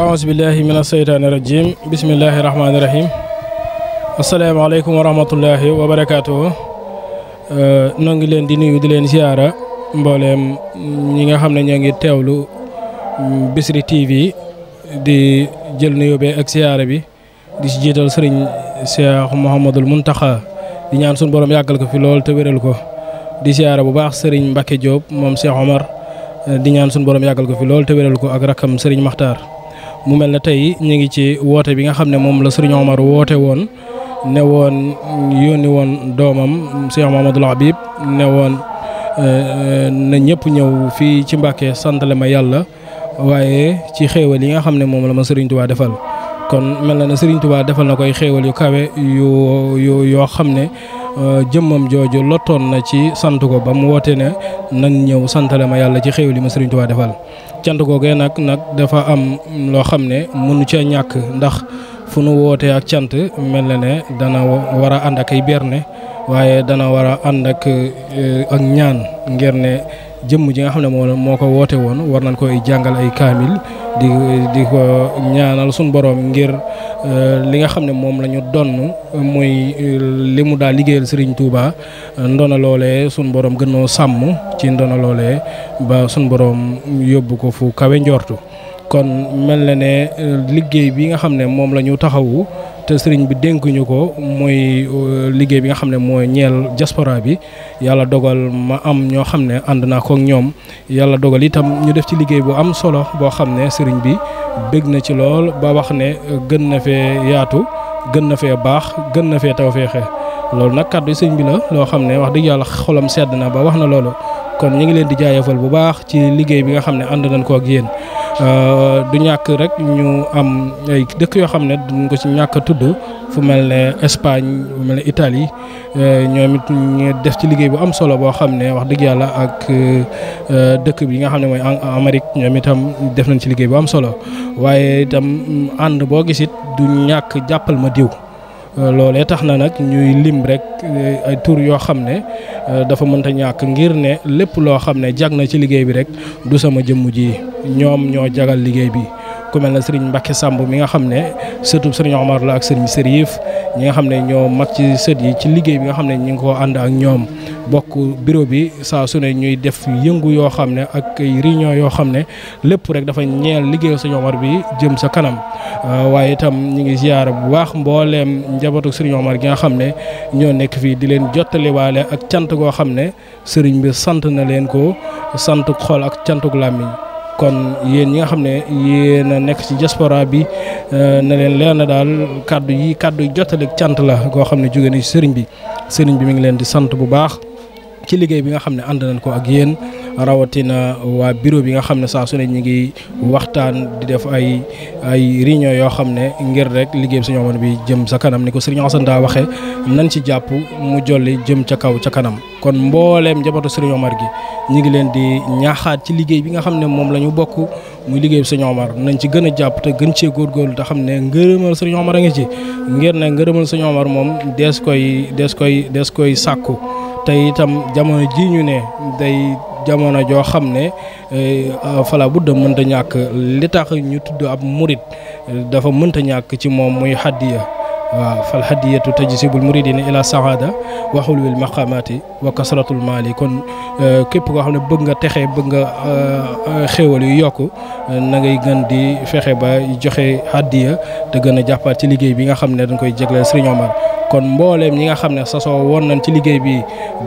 aouzu billahi min aseytaani rajim bismillahi rahmaani rahim asalaamaaleykum wa rahmatullahi wa barakaatuhu uh, noo ngi leen di nuyu di leen ziara mbooleem ñi nga xam ne ñoo ngi teewlu mm, Bichri TV di jël nuyoo bi ak ziara bi di si jiital sëriñ Cheikh Mouhamadul Mountakha di ñaan suñu borom yàggal ko fi lool te wéral ko di ziara bu baax sëriñ Mbacke Diop moom Cheikh Omar di ñaan suñu borom yàggal ko fi loolu te wéral ko ak rakkam sëriñ Maxtaar mu mel na tey ñu ngi ci woote bi nga xam ne moom la sëriñ Omar woote woon ne woon woon doomam Cheikh Mamadou Habib ne woon euh, ñëpp ñëw fii ci Mbàkke santale ma yàlla waaye ci xéewal yi nga xam ne moom la ma sëriñ Touba defal kon mel na ne sëriñ Touba defal na koy xéewal yu kawe yu yoo xam ne Euh, jëmmam jooju lottoon na ci sant ko ba mu woote ne nan ñëw santale ma yàlla ci xéew li ma Sëriñ Tuubaa defal cant googee nag nag dafa am loo xam ne mënu ca ñàkk ndax fu nu wootee ak cant mel na ne dana war a ànd ak ay berne waaye dana a ànd ak euh, ak ñaan ngir ne jëmm ji nga xam ne moo moo ko woote woon war nañ koy jàngal ay kaamil di di ko ñaanal suñu borom ngir euh, li nga xam ne moom la ñu donn muy euh, li mu daa liggéeyal Serigne Touba ndona loolee suñu borom noo sàmm ci ndona loole ba suñu borom yóbbu ko fu kawe njortu. kon mel na ne euh, liggéey bi nga xam ne moom la ñu taxawu te sëriñ bi dénkuñu ko mooy euh, liggéey bi nga xam ne mooy ñeel diaspora bi yàlla dogal ma am ñoo xam ne ànd naa ko ñoom yàlla dogal itam ñu def ci liggéey bu am solo boo xam ne sëriñ bi bëgg na ci lool ba wax ne euh, gën na fee yaatu gën na fee baax gën na fee tawféexe loolu nag kàddu sëriñ bi la loo xam ne wax dëgg yàlla xolam sedd na ba wax na loolu kon ñu ngi leen di jaayefal bu baax ci liggéey bi nga xam ne ànd nañ ko Euh, du ñàkk rek ñu am dëkk yoo xam ne duñ ko ci ñàkk a tudd fu mel ne Espagne fu mel ne itali euh, ñoom it ñu def ci liggéey bu am solo boo xam ne wax dëgg yàlla ak euh, dëkk bi nga xam ne mooy Amérique ñoom itam def nañ ci liggéey bu am solo waaye itam ànd boo gis it du ñàkk jàppal ma diw. Euh, loole tax na nag ñuy lim rek euh, ay tur yoo xam ne euh, dafa mënta ñàkk ngir ne lépp loo xam ne jag na ci liggéey bi rek du sama jëmm ji ñoom ñoo jagal liggéey bi ku mel na sëriñ Mbacke Samb mi nga xam ne sëtub sëriñ Omar la ak sëriñ Serif ñi nga xam ne ñoo mag ci sët yi ci liggéey bi nga xam ne ñu ngi ko ànd ak ñoom bokk bureau bi saa su ñuy def yëngu yoo xam ne ak réunion yoo xam ne lépp rek dafa ñeel liggéeyu sëriñ Omar bi jëm sa kanam euh, waaye itam ñu ngi ziyaara bu baax mbooleem njabootu sëriñ Omar gi nga xam ne ñoo nekk fii di leen jottaliwaale ak cant goo xam ne sëriñ bi sant na leen ko santuk xol ak cantuk làmmiñ kon yéen ñi nga xam ne yéen a nekk ci diaspora bi euh, na leen leer na daal kàddu yi kàddu yi jottaleeg cant la koo xam ne jóge na ci sëriñ bi sëriñ bi mi ngi leen di sant bu baax ci liggéey bi nga xam ne ànd nañ ko ak yéen. rawatina waa bureau bi nga xam ne saa su ne ñu ngi waxtaan di def ay ay réunion yoo xam ne ngir rek liggéey bi Serigne Omar bi jëm sa kanam ni ko Serigne Assane daa waxee nañ ci jàpp mu jolli jëm ca kaw ca kanam kon mbooleem njabootu Serigne Omar gi ñu ngi leen di ñaaxaat ci liggéey bi nga xam ne moom la ñu bokk muy liggéey bi Serigne Omar nañ ci gën a jàpp te gën cee góorgóorlu te xam ne ngërëmal Serigne Omar a ngi ci ngir ne ngërëmal Serigne Omar moom dees koy des koy dees koy sàkku te itam jamono ji ñu ne day jamono joo xam ne eh, fala budda mënta ñàkk li tax ñu tudd ab murit dafa mënta ñàkk ci moom muy xaddiya waaw fal xaddiyatu yi ne ila saada wa xulwil maqamati wa kasratul maali kon eh, képp koo xam ne bëgg nga texe bëgg nga eh, xéwal yu yokk na ngay gën di fexe ba joxe xaddiya te gën a jàppaat ci liggéey bi nga xam ne dañ koy jégleel Serigne Omar kon mbooleem ñi nga xam ne sa sasoo woon nañ ci liggéey bi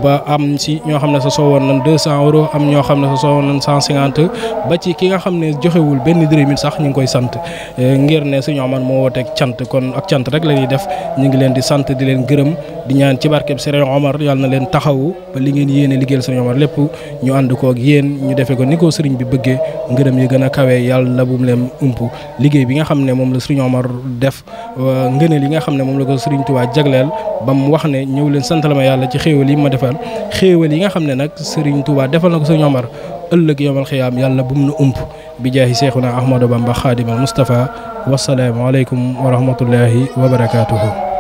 ba am si ñoo xam ne sa sasoo woon nañ deux cent euros am ñoo xam ne sasoo woon nañ cent cinquante ba ci ki nga xam ne joxewul benn dërëm it sax ñu ngi koy sant eh, ngir ne Serigne Omar moo wooteeg cant kon ak cant rek la ñuy def ñu ngi leen di sant di leen gërëm di ñaan ci barkeb Serigne Omar yàlla na leen taxawu ba li ngeen yéene liggéeyal Serigne Omar lépp ñu ànd koog yéen ñu defee ko ni ko Serigne bi bëggee ngërëm yi gën a kawe yàlla bu mu leen ump liggéey bi nga xam ne moom la Serigne Omar def ngëneel yi nga xam ne moom la ko Serigne Touba jagleel ba mu wax ne ñëw leen sant la ma yàlla ci xéewal yi ma defal xéewal yi nga xam ne nag Serigne Touba defal na ko Serigne Omar ëllëg yowmal xiyaam yàlla bu mu nu ump bi jaahi Seexuna Ahmadou Bamba Xaadimal Mustafa wasalaamu aleykum wa rahmatullahi wa barakaatuhu